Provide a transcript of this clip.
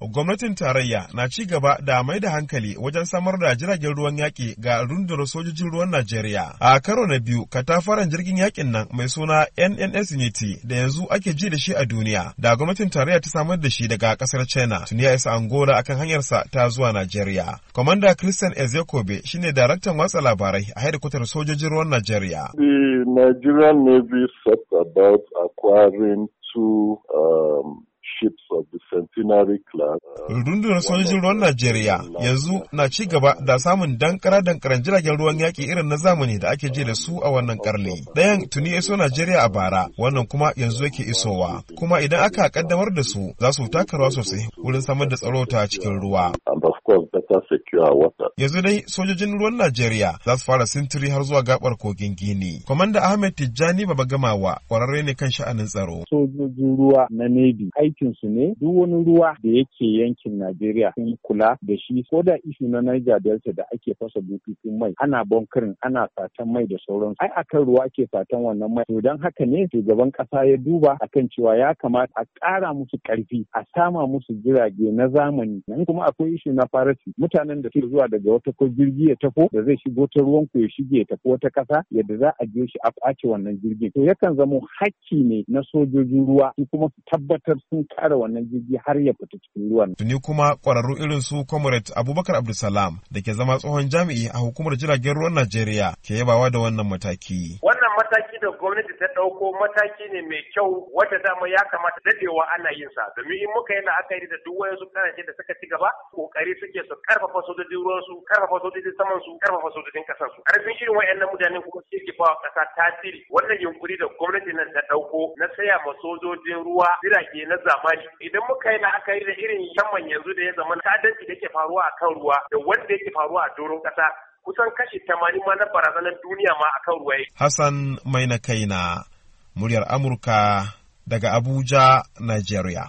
Gwamnatin tarayya na ci gaba da mai da hankali wajen samar da jiragen ruwan yaƙi ga rundunar sojojin ruwan Najeriya. A karo na biyu, katafaren jirgin yaƙin nan mai suna NNS Unity da yanzu ake ji da shi a duniya, da gwamnatin tarayya ta samar da shi daga ƙasar China, tuni ya isa Angola akan hanyarsa ta zuwa Najeriya. komanda Christian Ezekobe shine daraktan watsa labarai a hedikwatar sojojin ruwan Najeriya. Nigerian Navy set about acquiring two um, ships of the centenary class. Uh, Rundunar sojojin ruwan Najeriya yanzu na ci gaba da samun dankara dankaran jiragen ruwan yaƙi irin na zamani da ake je da su a wannan karni. Ɗayan tuni ya iso Najeriya a bara, wannan kuma yanzu yake isowa. Kuma idan aka kaddamar da su za su taka rawa sosai wurin samar da tsaro ta cikin ruwa. And of course ta saki a wata. Yanzu dai sojojin ruwan Najeriya za su fara sintiri har zuwa gabar kogin Gini. Kwamanda Ahmed Tijjani Baba Gamawa kwararre ne kan sha'anin tsaro. Sojojin ruwa na Navy aikin su ne duk wani ruwa da yake yankin Najeriya sun kula da shi ko da ishu na Niger Delta da ake fasa bututun mai ana bunkirin ana satan mai da sauransu. Ai akan ruwa ke satan wannan mai. To dan haka ne shugaban kasa ya duba akan cewa ya kamata a ƙara musu ƙarfi a sama musu jirage na zamani. Nan kuma akwai ishu na farasi mutanen da suke zuwa daga wata ko jirgi ya tafo da zai shigo ta ruwan ku ya shige ya tafi wata ƙasa yadda za a je shi a ɓace wannan jirgin to yakan zamo hakki ne na sojojin ruwa su kuma su tabbatar sun kare wannan jirgi har ya fita cikin ruwan tuni kuma ƙwararru irin su comrade abubakar abdulsalam da ke zama tsohon jami'i a hukumar jiragen ruwan najeriya ke yabawa da wannan mataki mataki da gwamnati ta ɗauko mataki ne mai kyau wanda dama ya kamata dadewa ana yin sa domin in muka yi la'akari da duk wayansu kasashe da suka ci gaba kokari suke su karfafa sojojin ruwan su karfafa sojojin saman su karfafa sojojin kasar su karfin shirin wayannan mutanen kuma suke ke bawa kasa tasiri wannan yunkuri da gwamnati nan ta ɗauko na saya ma sojojin ruwa jirage na zamani idan muka yi la'akari da irin yamman yanzu da ya zama kadanci da ke faruwa a kan ruwa da wanda yake faruwa a doron kasa kusan kashi tamanin ma na barazanar duniya ma akan ruwa Hassan mai na kaina muryar Amurka daga Abuja, Nigeria.